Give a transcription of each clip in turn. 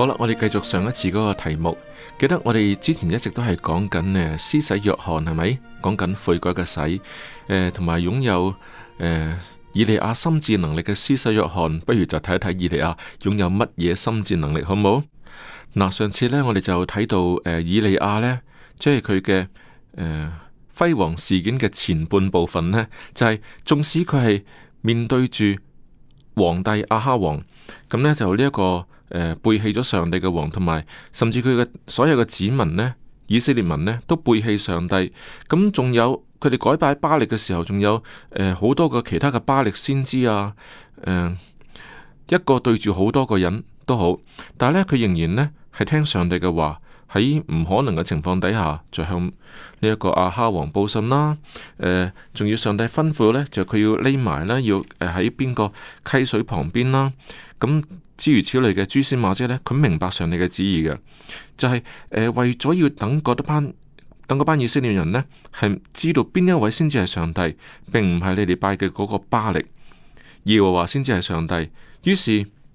好啦，我哋繼續上一次嗰個題目。記得我哋之前一直都係講緊誒，施洗約翰係咪，講緊悔改嘅洗，誒、呃，同埋擁有誒、呃，以利亞心智能力嘅施洗約翰，不如就睇一睇以利亞擁有乜嘢心智能力好唔好？嗱、呃，上次呢，我哋就睇到誒、呃，以利亞呢，即係佢嘅誒，輝、呃、煌事件嘅前半部分呢，就係、是、縱使佢係面對住皇帝阿哈王，咁呢，就呢、這、一個。背棄咗上帝嘅王，同埋甚至佢嘅所有嘅子民呢，以色列民呢，都背棄上帝。咁仲有佢哋改拜巴力嘅時候，仲有誒好、呃、多個其他嘅巴力先知啊。誒、呃、一個對住好多個人都好，但係呢，佢仍然呢係聽上帝嘅話，喺唔可能嘅情況底下，就向呢一個亞哈王報信啦、啊。誒、呃、仲要上帝吩咐呢，就佢要匿埋呢，要誒喺邊個溪水旁邊啦、啊。咁、嗯諸如此類嘅蛛絲馬跡呢，佢明白上帝嘅旨意嘅，就係、是、誒、呃、為咗要等嗰班，等班以色列人呢，係知道邊一位先至係上帝，並唔係你哋拜嘅嗰個巴力，耶和華先至係上帝。於是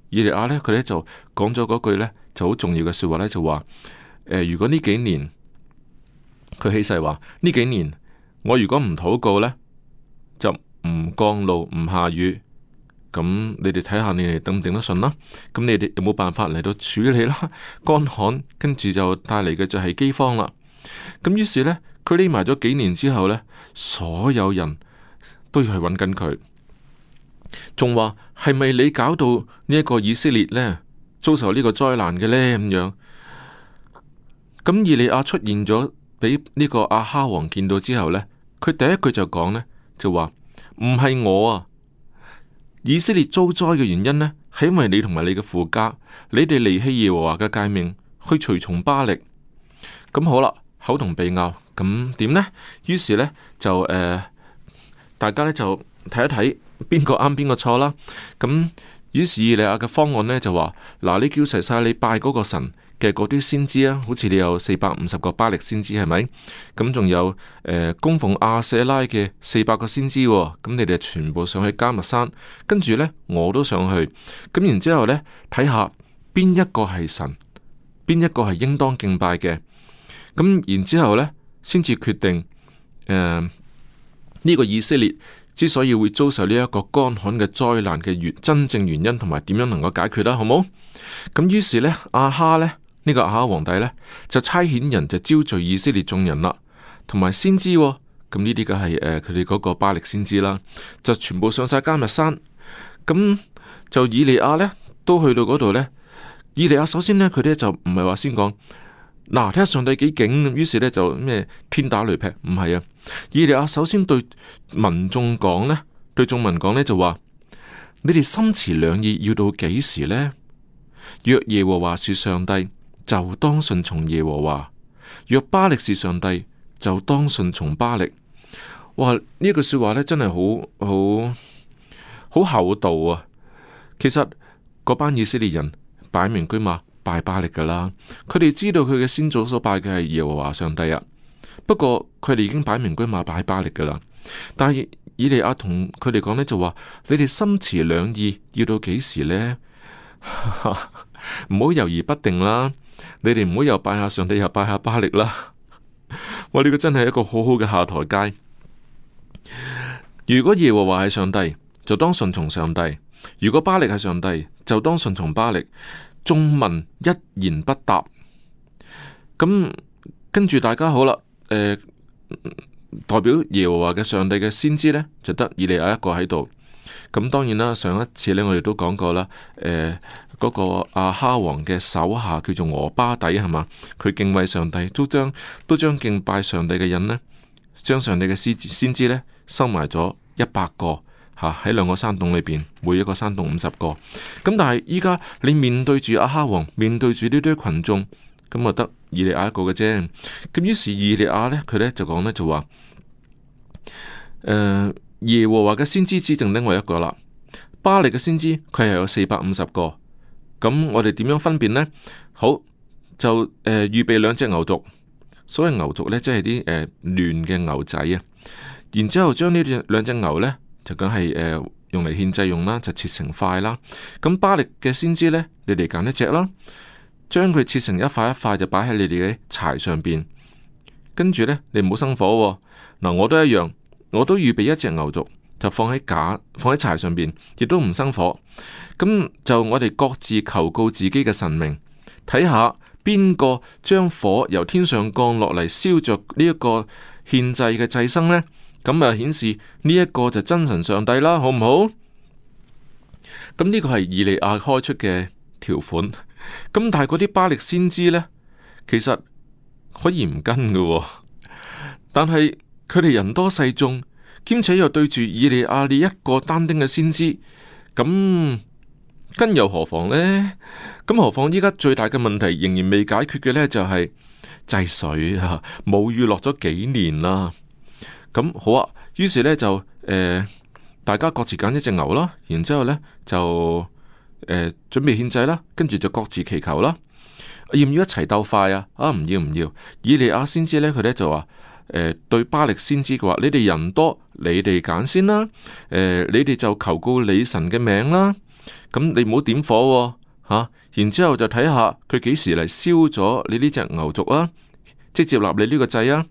以利亞呢，佢呢就講咗嗰句呢就好重要嘅說話呢就話、呃，如果呢幾年佢起誓話呢幾年我如果唔禱告呢，就唔降露唔下雨。咁、嗯、你哋睇下你哋頂唔頂得順啦？咁、嗯、你哋有冇辦法嚟到處理啦？乾旱跟住就帶嚟嘅就係饑荒啦。咁、嗯、於是呢，佢匿埋咗幾年之後呢，所有人都要去揾緊佢，仲話係咪你搞到呢一個以色列呢，遭受呢個災難嘅呢？咁樣咁，以、嗯、利亞出現咗俾呢個阿哈王見到之後呢，佢第一句就講呢就話，唔係我啊。以色列遭災嘅原因呢，係因為你同埋你嘅父家，你哋離棄耶和華嘅誡命，去隨從巴力。咁、嗯、好啦，口同鼻拗，咁點呢？於是呢，就誒、呃，大家呢，就睇一睇邊個啱邊個錯啦。咁、嗯、於是以利亞嘅方案呢，就話：嗱，你叫齊晒你拜嗰個神。嘅嗰啲先知啊，好似你有四百五十個巴力先知係咪？咁仲有誒、呃、供奉阿舍拉嘅四百個先知，咁、哦嗯、你哋全部上去迦密山，跟住呢我都上去，咁、嗯、然之後咧睇下邊一個係神，邊一個係應當敬拜嘅。咁、嗯、然之後咧先至決定誒呢、呃這個以色列之所以會遭受呢一個乾旱嘅災難嘅原真正原因，同埋點樣能夠解決啦？好冇咁、嗯？於是呢，阿哈呢。呢個亞哈皇帝咧，就差遣人就招聚以色列眾人啦，同埋先知咁呢啲，梗係誒佢哋嗰個巴力先知啦，就全部上晒迦密山。咁就以利亞咧都去到嗰度咧。以利亞首先咧佢哋就唔係話先講嗱，睇下上帝幾勁咁，於是咧就咩天打雷劈，唔係啊。以利亞首先對民眾講咧，對眾民講咧就話：你哋心持兩意，要到幾時咧？若耶和華是上帝，就當順從耶和華，若巴力是上帝，就當順從巴力。哇！呢句說話呢，真係好好好厚道啊！其實嗰班以色列人擺明車馬拜巴力噶啦，佢哋知道佢嘅先祖所拜嘅係耶和華上帝啊。不過佢哋已經擺明車馬拜巴力噶啦。但係以利亞同佢哋講呢，就話你哋心持兩意，要到幾時咧？唔好猶豫不定啦！你哋唔好又拜下上帝，又拜下巴力啦。我呢個真係一個好好嘅下台階。如果耶和華係上帝，就當順從上帝；如果巴力係上帝，就當順從巴力。眾民一言不答，咁跟住大家好啦。誒、呃，代表耶和華嘅上帝嘅先知呢，就得以利亞一個喺度。咁當然啦，上一次咧我哋都講過啦，誒、呃、嗰、那個阿哈王嘅手下叫做俄巴底係嘛，佢敬畏上帝，都將都將敬拜上帝嘅人呢，將上帝嘅先知先知呢收埋咗一百個嚇喺兩個山洞裏邊，每一個山洞五十個。咁但係依家你面對住阿哈王，面對住呢堆群眾，咁啊得以利亞一個嘅啫。咁於是以利亞呢，佢呢就講呢，就話誒。耶和華嘅先知只剩另外一個啦，巴力嘅先知佢係有四百五十個，咁我哋點樣分辨呢？好就誒呃、預備兩隻牛犢，所謂牛犢呢，即係啲誒嫩嘅牛仔啊，然之後將呢兩兩隻牛呢，就梗係、呃、用嚟獻祭用啦，就切成塊啦。咁巴力嘅先知呢，你哋揀一隻啦，將佢切成一塊一塊，就擺喺你哋嘅柴上邊，跟住呢，你唔好生火。嗱，我都一樣。我都預備一隻牛肉，就放喺架，放喺柴上邊，亦都唔生火。咁就我哋各自求告自己嘅神明，睇下邊個將火由天上降落嚟燒着呢一個獻祭嘅祭牲呢？咁啊，顯示呢一個就真神上帝啦，好唔好？咁呢個係以利亞開出嘅條款。咁但係嗰啲巴力先知呢，其實可以唔跟㗎喎。但係。佢哋人多勢眾，兼且又對住以利亞呢一個單丁嘅先知，咁跟又何妨呢？咁何況依家最大嘅問題仍然未解決嘅呢，就係、是、制水啊，冇雨落咗幾年啦、啊。咁好啊，於是呢，就誒、呃，大家各自揀一隻牛啦，然之後咧就誒、呃、準備獻祭啦，跟住就各自祈求啦。要唔要一齊鬥快啊？啊，唔要唔要。以利亞先知呢，佢呢就話。誒對巴力先知嘅話，你哋人多，你哋揀先啦、呃。你哋就求告李神你神嘅名啦。咁你唔好點火嚇、哦啊，然之後就睇下佢幾時嚟燒咗你呢隻牛族啦。即接納你呢個祭啊。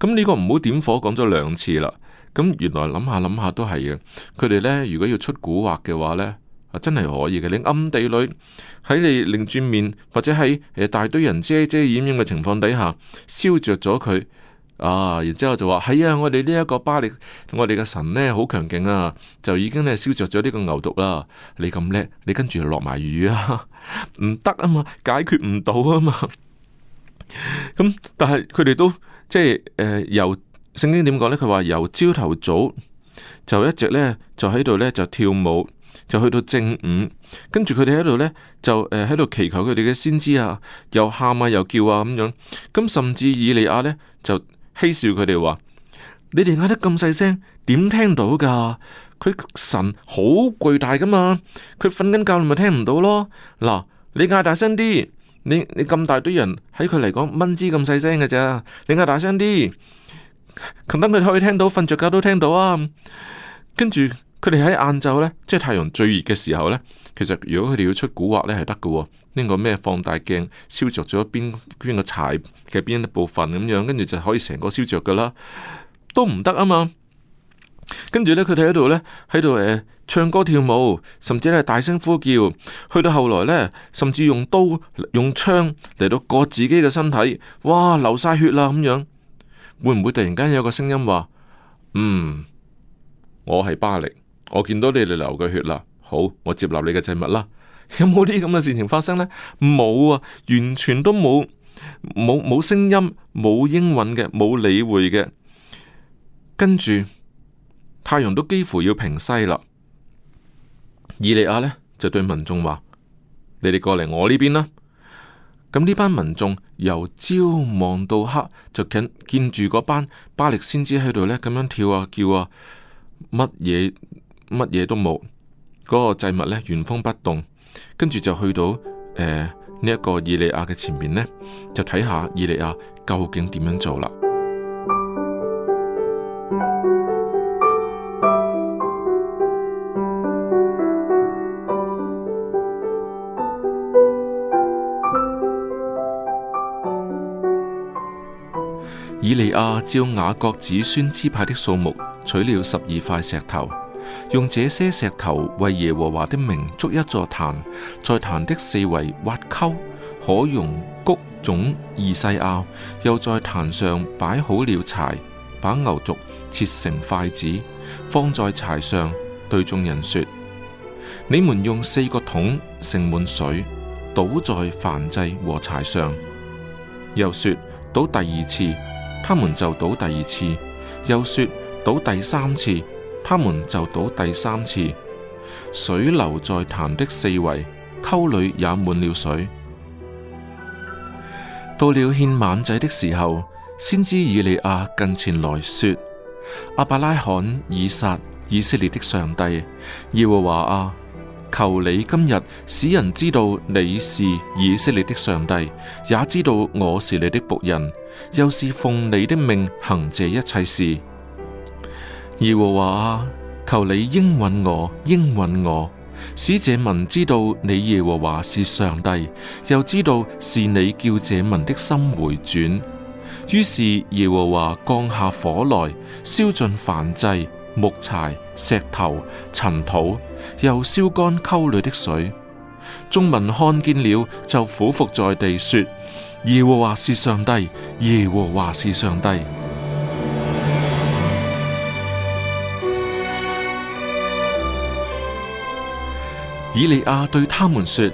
咁呢個唔好、啊、點火講咗兩次啦。咁原來諗下諗下都係嘅。佢哋呢，如果要出古惑嘅話呢，真係可以嘅。你暗地裏喺你擰轉面或者喺大堆人遮遮掩掩嘅情況底下燒着咗佢。啊！然之後就話係啊！我哋呢一個巴力，我哋嘅神呢好強勁啊，就已經呢燒着咗呢個牛犢啦。你咁叻，你跟住落埋雨啊，唔得啊，啊嘛，解決唔到啊嘛。咁但係佢哋都即係由聖經點講呢？佢話由朝頭早就一直呢，就喺度呢，就跳舞，就去到正午，跟住佢哋喺度呢，就喺度祈求佢哋嘅先知啊，又喊啊又叫啊咁樣。咁甚至以利亞呢就嬉笑佢哋話：你哋嗌得咁細聲，點聽到噶？佢神好巨大噶嘛，佢瞓緊覺你咪聽唔到咯。嗱，你嗌大聲啲，你你咁大堆人喺佢嚟講蚊子咁細聲嘅咋。你嗌大聲啲，琴晚佢可以聽到，瞓着覺都聽到啊。跟住佢哋喺晏晝咧，即係太陽最熱嘅時候咧。其實如果佢哋要出古惑呢，係得嘅，呢個咩放大鏡燒着咗邊邊個柴，嘅邊一部分咁樣，跟住就可以成個燒着噶啦，都唔得啊嘛。跟住呢，佢哋喺度呢，喺度誒唱歌跳舞，甚至係大聲呼叫，去到後來呢，甚至用刀用槍嚟到割自己嘅身體，哇流晒血啦咁樣，會唔會突然間有個聲音話，嗯，我係巴力，我見到你哋流嘅血啦。好，我接納你嘅祭物啦。有冇啲咁嘅事情發生呢？冇啊，完全都冇，冇冇聲音，冇英文嘅，冇理會嘅。跟住太陽都幾乎要平西啦。以利亞呢，就對民眾話：你哋過嚟我呢邊啦。咁呢班民眾由朝望到黑，就見見住嗰班巴力先知喺度呢，咁樣跳啊叫啊，乜嘢乜嘢都冇。嗰個祭物呢，原封不動，跟住就去到誒、呢一個以利亞嘅前面呢，就睇下以利亞究竟點樣做啦。以利亞照雅各子孫支派的數目，取了十二塊石頭。用這些石頭為耶和華的名築一座壇，在壇的四圍挖溝，可容穀種二細亞。又在壇上擺好了柴，把牛犢切成筷子放在柴上，對眾人說：你們用四個桶盛滿水，倒在燔祭和柴上。又說：倒第二次，他們就倒第二次；又說：倒第三次。他們就倒第三次，水流在壇的四圍，溝裏也滿了水。到了獻晚祭的時候，先知以利亞近前來說：阿伯拉罕、以撒、以色列的上帝，耶和華啊，求你今日使人知道你是以色列的上帝，也知道我是你的僕人，又是奉你的命行這一切事。耶和華啊，求你應允我，應允我，使這民知道你耶和華是上帝，又知道是你叫這民的心回轉。於是耶和華降下火來，燒盡燔祭、木柴、石頭、塵土，又燒乾溝裏的水。眾民看見了，就俯伏在地說：耶和華是上帝，耶和華是上帝。以利亞對他們說：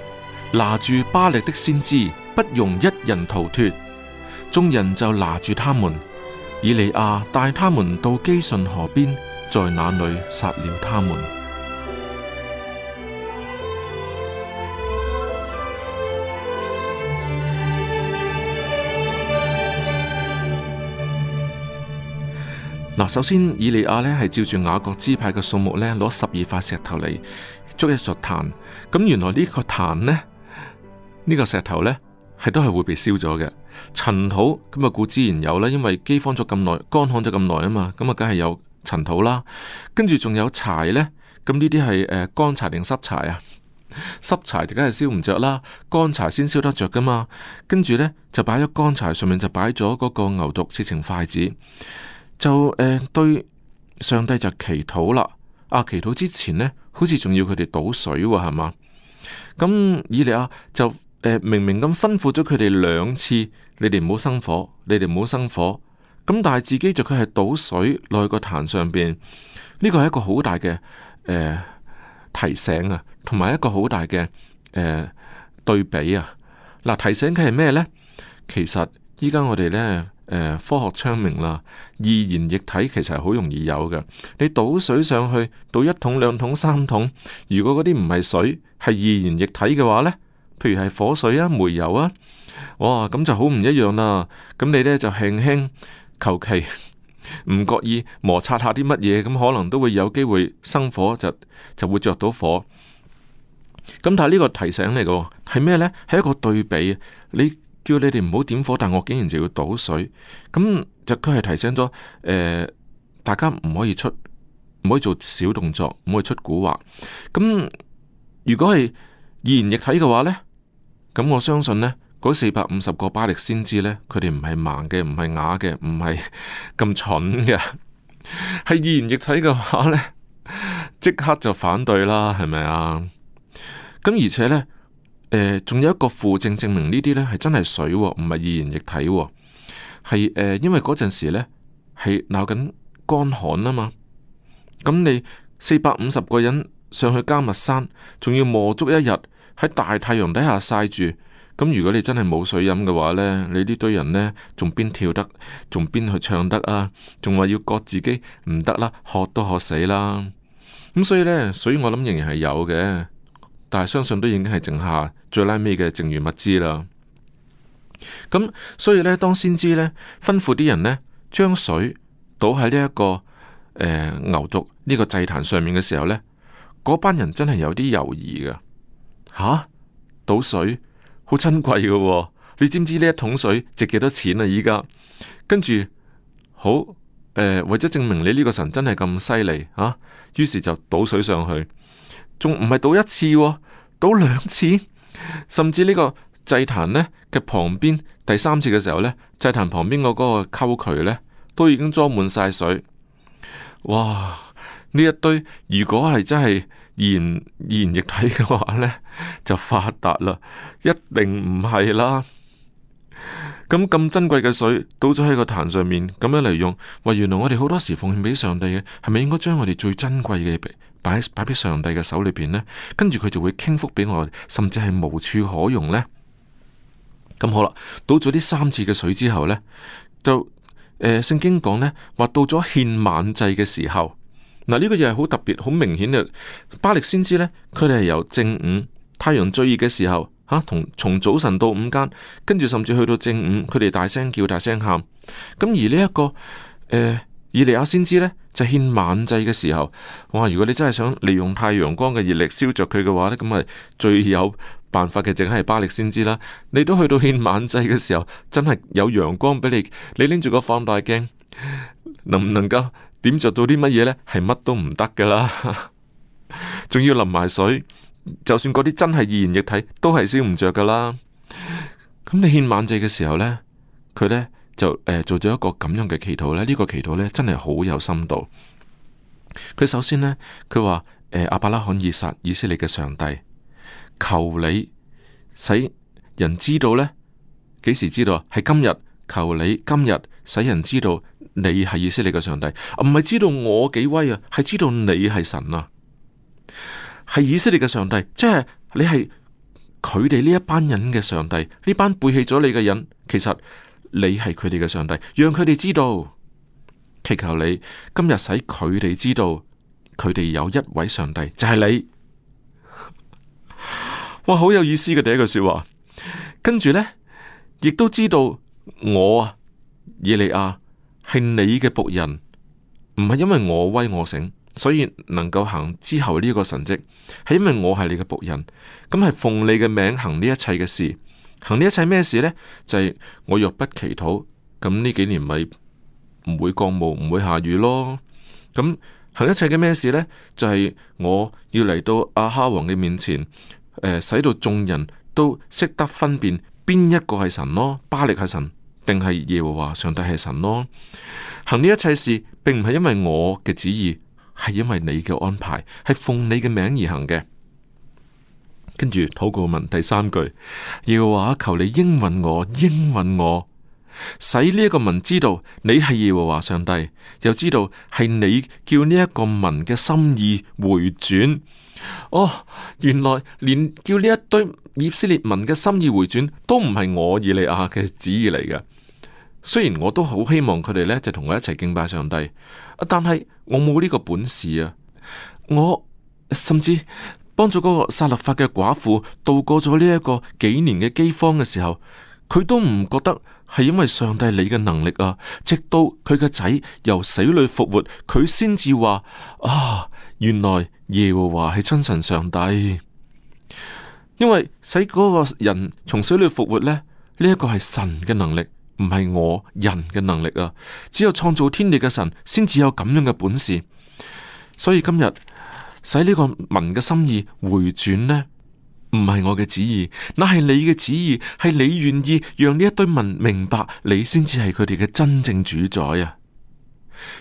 拿住巴力的先知，不容一人逃脫。眾人就拿住他們。以利亞帶他們到基順河邊，在那裏殺了他們。嗱，首先以利亞咧係照住雅各支派嘅數目咧攞十二塊石頭嚟。捉一座壇，咁原來呢個壇呢，呢、呢個石頭呢，係都係會被燒咗嘅。塵土咁啊，固自然有啦，因為饑荒咗咁耐，乾旱咗咁耐啊嘛，咁啊，梗係有塵土啦。跟住仲有柴呢，咁呢啲係誒乾柴定濕柴啊？濕柴就梗係燒唔着啦，乾柴先燒得着噶嘛。跟住呢，就擺喺乾柴上面，就擺咗嗰個牛犢切成筷子，就誒、呃、對上帝就祈禱啦。啊！祈禱之前呢，好似仲要佢哋倒水喎、哦，係嘛？咁以利亞就誒、呃，明明咁吩咐咗佢哋兩次，你哋唔好生火，你哋唔好生火。咁、嗯、但係自己就佢係倒水落去個壇上邊，呢個係一個好大嘅誒、呃、提醒啊，同埋一個好大嘅誒、呃、對比啊。嗱、呃，提醒佢係咩呢？其實依家我哋咧。科學昌明啦，易燃液體其實係好容易有嘅。你倒水上去，倒一桶、兩桶、三桶，如果嗰啲唔係水，係易燃液體嘅話呢，譬如係火水啊、煤油啊，哇，咁就好唔一樣啦。咁你呢就輕輕求其，唔覺 意摩擦下啲乜嘢，咁可能都會有機會生火，就就會着到火。咁但係呢個提醒嚟嘅，係咩呢？係一個對比，你。叫你哋唔好點火，但我竟然就要倒水，咁就佢係提醒咗，誒、呃，大家唔可以出，唔可以做小動作，唔可以出蠱惑。咁如果係二言液體嘅話呢，咁我相信呢嗰四百五十個巴力先知呢，佢哋唔係盲嘅，唔係啞嘅，唔係咁蠢嘅。係 二言液體嘅話呢，即 刻就反對啦，係咪啊？咁而且呢。仲、呃、有一個附證證明呢啲咧係真係水、哦，唔係易燃液體、哦。係誒、呃，因為嗰陣時呢係鬧緊乾旱啊嘛，咁你四百五十個人上去加密山，仲要磨足一日喺大太陽底下曬住，咁如果你真係冇水飲嘅話呢，你呢堆人呢仲邊跳得，仲邊去唱得啊，仲話要割自己唔得啦，渴都渴死啦，咁所以呢，所以我諗仍然係有嘅。但係相信都已經係剩下最拉尾嘅剩餘物資啦。咁所以呢，當先知呢吩咐啲人呢將水倒喺呢一個誒、呃、牛族呢個祭壇上面嘅時候呢，嗰班人真係有啲猶豫嘅。吓、啊，倒水？好珍貴嘅、哦，你知唔知呢一桶水值幾多錢啊？依家跟住好誒、呃，為咗證明你呢個神真係咁犀利吓，於是就倒水上去。仲唔係倒一次，哦，倒兩次，甚至呢個祭壇呢嘅旁邊第三次嘅時候呢，祭壇旁邊嗰個溝渠呢，都已經裝滿晒水。哇！呢一堆如果係真係鹽鹽液體嘅話呢，就發達啦，一定唔係啦。咁咁珍貴嘅水倒咗喺個壇上面，咁樣嚟用，話原來我哋好多時奉獻俾上帝嘅，係咪應該將我哋最珍貴嘅俾？擺喺擺喺上帝嘅手裏邊咧，跟住佢就會傾福俾我，甚至係無處可容呢咁、嗯、好啦，倒咗呢三次嘅水之後呢就誒，聖、呃、經講咧話到咗獻晚祭嘅時候，嗱、啊、呢、這個又係好特別、好明顯嘅。巴力先知呢，佢哋係由正午太陽最熱嘅時候吓，同、啊、從早晨到午間，跟住甚至去到正午，佢哋大聲叫、大聲喊。咁、啊、而呢、這、一個誒，以、呃、利亞先知呢。就獻晚祭嘅時候，哇！如果你真係想利用太陽光嘅熱力燒着佢嘅話呢，咁咪最有辦法嘅，淨係巴力先知啦。你都去到獻晚祭嘅時候，真係有陽光俾你，你拎住個放大鏡，能唔能夠點着到啲乜嘢呢？係乜都唔得噶啦，仲 要淋埋水，就算嗰啲真係易燃液體，都係燒唔着噶啦。咁你獻晚祭嘅時候呢，佢呢。就、呃、做咗一個咁樣嘅祈禱咧。呢、呢個祈禱咧真係好有深度。佢首先呢，佢話、呃、阿伯拉罕以撒以色列嘅上帝，求你使人知道呢幾時知道係今日？求你今日使人知道你係以色列嘅上帝，啊，唔係知道我幾威啊，係知道你係神啊，係以色列嘅上帝，即係你係佢哋呢一班人嘅上帝，呢班背棄咗你嘅人其實。你係佢哋嘅上帝，讓佢哋知道，祈求你今日使佢哋知道，佢哋有一位上帝，就係你。 哇，好有意思嘅第一句說話。跟住呢，亦都知道我啊，以利亞係你嘅僕人，唔係因為我威我醒，所以能夠行之後呢個神蹟，係因為我係你嘅僕人，咁係奉你嘅名行呢一切嘅事。行呢一切咩事呢？就係、是、我若不祈禱，咁呢幾年咪唔會降霧，唔會下雨咯。咁、嗯、行一切嘅咩事呢？就係、是、我要嚟到阿哈王嘅面前，呃、使到眾人都識得分辨邊一個係神咯，巴力係神，定係耶和華上帝係神咯。行呢一切事，並唔係因為我嘅旨意，係因為你嘅安排，係奉你嘅名而行嘅。跟住禱告文第三句，耶和華求你應允我，應允我，使呢一個民知道你係耶和華上帝，又知道係你叫呢一個民嘅心意回轉。哦，原來連叫呢一堆以色列民嘅心意回轉，都唔係我以利亞嘅旨意嚟嘅。雖然我都好希望佢哋呢就同我一齊敬拜上帝，但係我冇呢個本事啊，我甚至。幫助嗰個撒勒法嘅寡婦度過咗呢一個幾年嘅飢荒嘅時候，佢都唔覺得係因為上帝你嘅能力啊。直到佢嘅仔由死裏復活，佢先至話啊，原來耶和華係真神上帝。因為使嗰個人從死裏復活呢，呢一個係神嘅能力，唔係我人嘅能力啊。只有創造天地嘅神先至有咁樣嘅本事。所以今日。使呢個民嘅心意回轉呢？唔係我嘅旨意，那係你嘅旨意，係你願意讓呢一堆民明白，你先至係佢哋嘅真正主宰啊！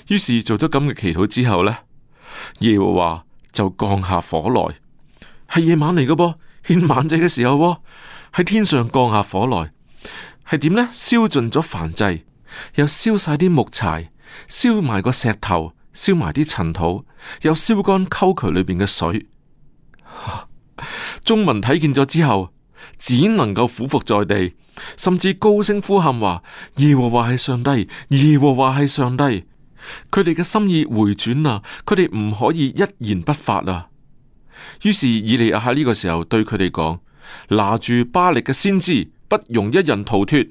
於是做咗咁嘅祈禱之後呢，耶和華就降下火來，係夜晚嚟嘅噃，獻晚祭嘅時候喎，喺天上降下火來，係點呢？燒盡咗燔祭，又燒晒啲木柴，燒埋個石頭。燒埋啲塵土，又燒乾溝渠裏邊嘅水。 中文睇見咗之後，只能夠俯伏在地，甚至高聲呼喊話：耶和華係上帝，耶和華係上帝。佢哋嘅心意回轉啊！佢哋唔可以一言不發啊！於是以利亞喺呢個時候對佢哋講：拿住巴力嘅先知，不容一人逃脱。誒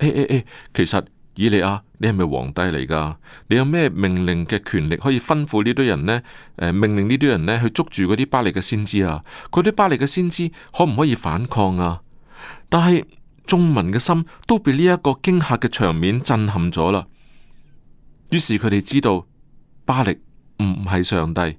誒誒，其實。以利亞，你係咪皇帝嚟噶？你有咩命令嘅權力可以吩咐呢堆人呢？誒、呃，命令呢堆人呢去捉住嗰啲巴力嘅先知啊？嗰堆巴力嘅先知可唔可以反抗啊？但係，眾民嘅心都被呢一個驚嚇嘅場面震撼咗啦。於是佢哋知道巴力唔係上帝，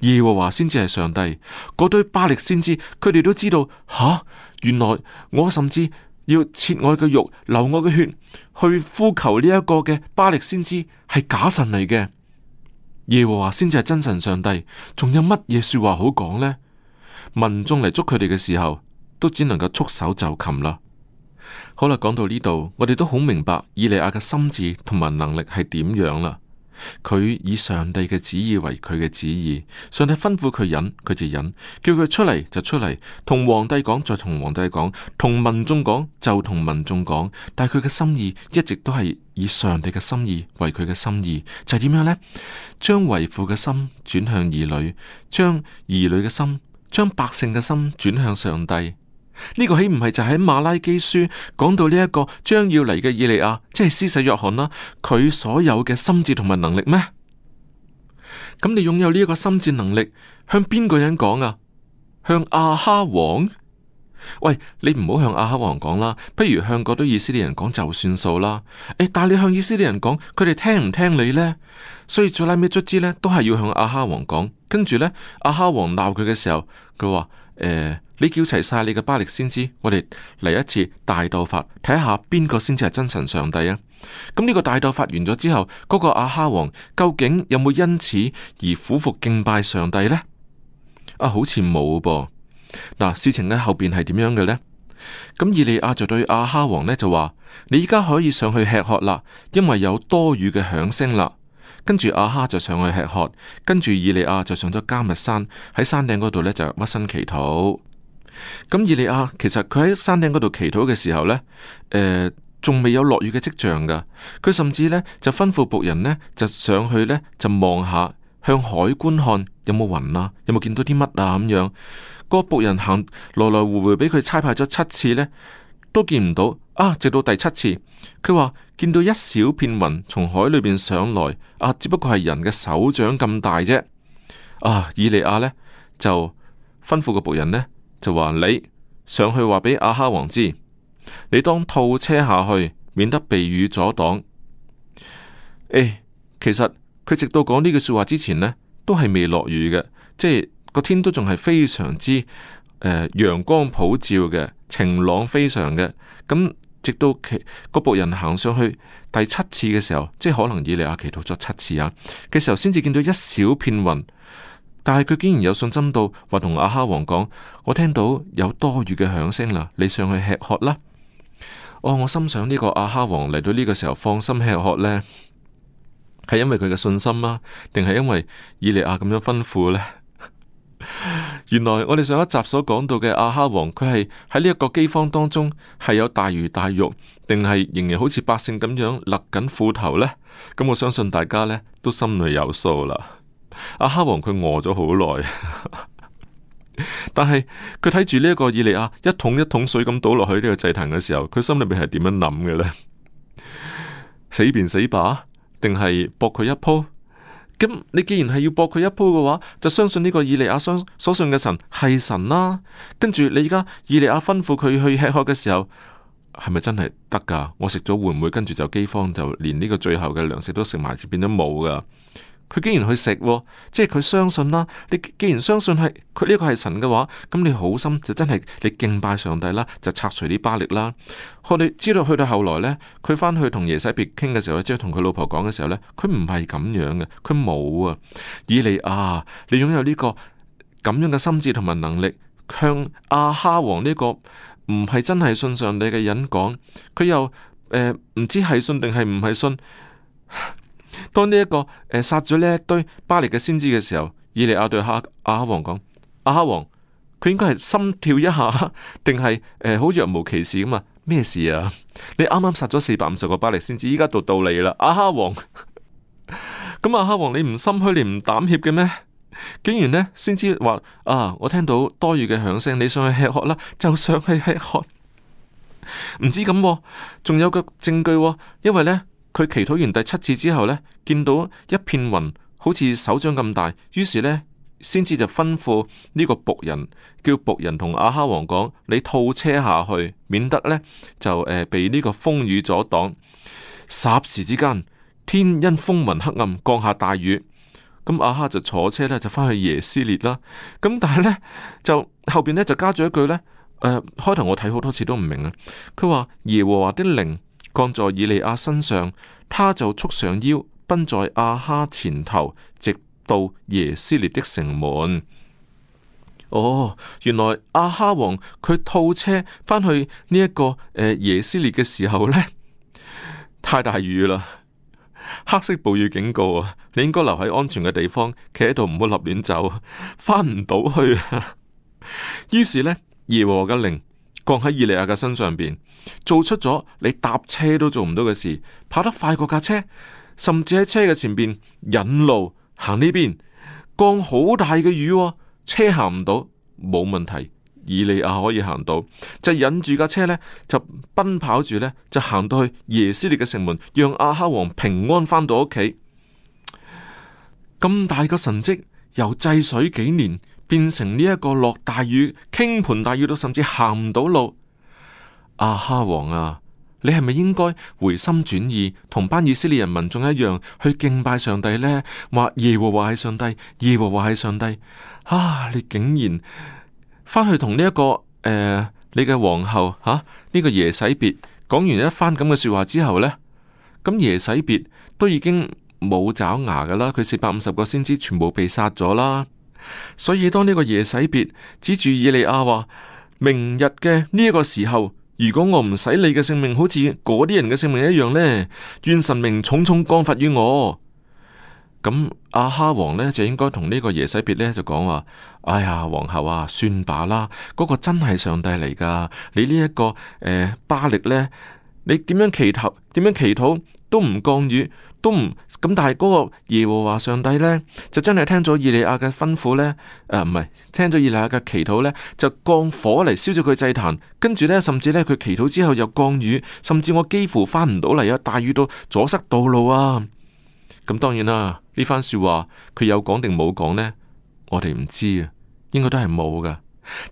耶和華先至係上帝。嗰堆巴力先知，佢哋都知道，吓、啊，原來我甚至。要切我嘅肉、流我嘅血，去呼求呢一個嘅巴力先知，係假神嚟嘅，耶和華先至係真神上帝。仲有乜嘢說話好講呢？民眾嚟捉佢哋嘅時候，都只能夠束手就擒啦。好啦，講到呢度，我哋都好明白以利亞嘅心智同埋能力係點樣啦。佢以上帝嘅旨意為佢嘅旨意，上帝吩咐佢忍，佢就忍；叫佢出嚟就出嚟，同皇帝講就同皇帝講，同民眾講就同民眾講。但係佢嘅心意一直都係以上帝嘅心意為佢嘅心意，就係點樣呢？將為父嘅心轉向兒女，將兒女嘅心，將百姓嘅心轉向上帝。呢個豈唔係就喺馬拉基書講到呢一個將要嚟嘅以利亞，即係施洗約翰啦？佢所有嘅心智同埋能力咩？咁你擁有呢一個心智能力，向邊個人講啊？向亞哈王？喂，你唔好向亞哈王講啦，不如向嗰堆以色列人講就算數啦。誒，但係你向以色列人講，佢哋聽唔聽你呢？所以最拉尾卒之呢，都係要向亞哈王講。跟住呢，亞哈王鬧佢嘅時候，佢話誒。你叫齊晒你嘅巴力先知，我哋嚟一次大鬥法，睇下邊個先至係真神上帝啊！咁、嗯、呢、這個大鬥法完咗之後，嗰、那個阿哈王究竟有冇因此而俯伏敬拜上帝呢？啊，好似冇噃。嗱、啊，事情嘅後邊係點樣嘅呢？咁以、嗯、利亞就對阿哈王呢就話：你依家可以上去吃喝啦，因為有多雨嘅響聲啦。跟住阿哈就上去吃喝，跟住以利亞就上咗迦密山喺山頂嗰度呢就屈身祈禱。咁以利亞其實佢喺山頂嗰度祈禱嘅時候呢，呃，仲未有落雨嘅跡象噶。佢甚至呢，就吩咐僕人呢，就上去呢，就望下向海觀看有冇雲啊，有冇見到啲乜啊咁樣。個僕人行來來回回俾佢差派咗七次呢，都見唔到。啊，直到第七次，佢話見到一小片雲從海裏邊上來，啊，只不過係人嘅手掌咁大啫。啊，以利亞呢，就吩咐個僕人呢。就話你上去話俾阿哈王知，你當套車下去，免得被雨阻擋。誒，其實佢直到講呢句說話之前呢，都係未落雨嘅，即係個天都仲係非常之誒呃、陽光普照嘅，晴朗非常嘅。咁直到其個僕人行上去第七次嘅時候，即係可能以利亞阿奇到咗七次啊嘅時候，先至見到一小片雲。但係佢竟然有信心到，話同阿哈王講：我聽到有多餘嘅響聲啦，你上去吃喝啦！哦，我心想呢個阿哈王嚟到呢個時候放心吃喝呢，係因為佢嘅信心啊，定係因為以利亞咁樣吩咐呢？ 原來我哋上一集所講到嘅阿哈王，佢係喺呢一個飢荒當中係有大魚大肉，定係仍然好似百姓咁樣勒緊褲頭呢？咁我相信大家呢，都心裏有數啦。阿哈、啊、王佢餓咗好耐，但係佢睇住呢一個以利亞一桶一桶水咁倒落去呢個祭壇嘅時候，佢心裏邊係點樣諗嘅呢？ 「死便死吧，定係搏佢一鋪？咁你既然係要搏佢一鋪嘅話，就相信呢個以利亞所所信嘅神係神啦、啊。跟住你而家以利亞吩咐佢去吃喝嘅時候，係咪真係得噶？我食咗會唔會跟住就饑荒，就連呢個最後嘅糧食都食埋，就變咗冇噶？佢竟然去食，哦，即係佢相信啦。你既然相信係佢呢個係神嘅話，咁你好心就真係你敬拜上帝啦，就拆除啲巴力啦。我哋知道去到後來呢，佢翻去同耶洗別傾嘅時候，即係同佢老婆講嘅時候呢，佢唔係咁樣嘅，佢冇啊。以利亞，你擁有呢個咁樣嘅心智同埋能力，向亞哈王呢個唔係真係信上帝嘅人講，佢又呃、唔知係信定係唔係信。當呢一個誒殺咗呢一堆巴力嘅先知嘅時候，以利亞對哈阿哈王講：阿哈王，佢應該係心跳一下，定係誒好若無其事咁啊？咩事啊？你啱啱殺咗四百五十個巴力先知，依家到到你啦，阿哈王。咁、 嗯、阿哈王你唔心虛，你唔膽怯嘅咩？竟然呢？先知話啊，我聽到多餘嘅響聲，你上去吃喝啦，就上去吃喝。唔知咁、啊，仲有個證據、啊，因為呢。佢祈禱完第七次之後呢，見到一片雲好似手掌咁大，於是呢，先至就吩咐呢個僕人，叫僕人同阿哈王講：你套車下去，免得呢就誒被呢個風雨阻擋。霎時之間，天因風雲黑暗，降下大雨。咁、嗯、阿哈就坐車呢就翻去耶斯列啦。咁、嗯、但係呢，就後邊呢就加咗一句呢誒、呃、開頭我睇好多次都唔明啊。佢話耶和華啲靈。降在以利亞身上，他就束上腰，奔在亞哈前頭，直到耶斯列的城門。哦，原來亞哈王佢套車返去呢、這、一個、呃、耶斯列嘅時候呢，太大雨啦，黑色暴雨警告啊！你應該留喺安全嘅地方，企喺度唔好立亂走，返唔到去了。於是呢，耶和華嘅靈。降喺以利亞嘅身上邊，做出咗你搭車都做唔到嘅事，跑得快過架車，甚至喺車嘅前邊引路行，呢邊，降好大嘅雨喎，車行唔到，冇問題，以利亞可以行到，就引住架車呢，就奔跑住呢，就行到去耶斯列嘅城門，讓阿哈王平安返到屋企，咁大個神跡。由制水幾年變成呢一個落大雨傾盆大雨都甚至行唔到路，阿、啊、哈王啊，你係咪應該回心轉意同班以色列人民眾一樣去敬拜上帝呢？話耶和華係上帝，耶和華係上帝。啊，你竟然返去同呢一個誒、呃、你嘅皇后吓呢、啊，這個耶洗別講完一番咁嘅說話之後呢，咁耶洗別都已經。冇爪牙噶啦，佢四百五十個先知全部被殺咗啦。所以當呢個耶洗別指住以利亞話：明日嘅呢一個時候，如果我唔使你嘅性命，好似嗰啲人嘅性命一樣呢，願神明重重降罰於我。咁阿哈王呢，就應該同呢個耶洗別呢，就講話：哎呀，皇后啊，算罷啦，嗰個真係上帝嚟噶，你呢、這、一個、呃、巴力呢。你點樣祈禱，點樣祈禱都唔降雨，都唔咁，但係嗰個耶和華上帝呢，就真係聽咗以利亞嘅吩咐呢。誒唔係，聽咗以利亞嘅祈禱呢，就降火嚟燒咗佢祭壇，跟住呢，甚至呢，佢祈禱之後又降雨，甚至我幾乎翻唔到嚟啊！大雨到阻塞道路啊！咁、嗯、當然啦、啊，呢番話說話佢有講定冇講呢？我哋唔知啊，應該都係冇噶。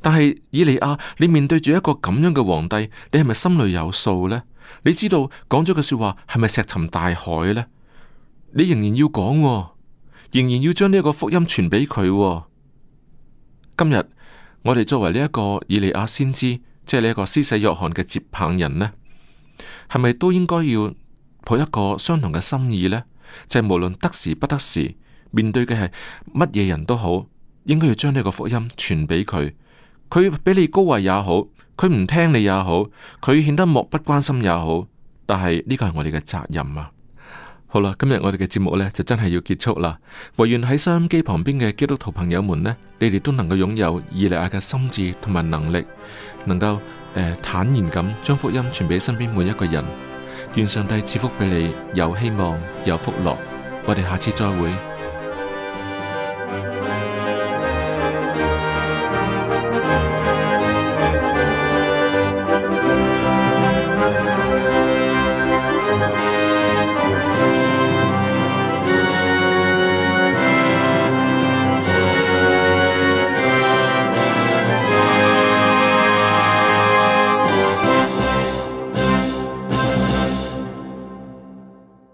但係以利亞，你面對住一個咁樣嘅皇帝，你係咪心裏有數呢？你知道講咗個說話係咪石沉大海呢？你仍然要講、哦，仍然要將呢一個福音傳俾佢、哦。今日我哋作為呢一個以利亞先知，即係呢一個施洗約翰嘅接棒人呢，係咪都應該要抱一個相同嘅心意呢？就係、是、無論得時不得時，面對嘅係乜嘢人都好，應該要將呢個福音傳俾佢。佢比你高位也好。佢唔聽你也好，佢顯得漠不關心也好，但係呢個係我哋嘅責任啊！好啦，今日我哋嘅節目呢就真係要結束啦。唯願喺收音機旁邊嘅基督徒朋友們呢，你哋都能夠擁有以利亞嘅心智同埋能力，能夠誒、呃、坦然咁將福音傳俾身邊每一個人。願上帝賜福俾你，有希望，有福樂。我哋下次再會。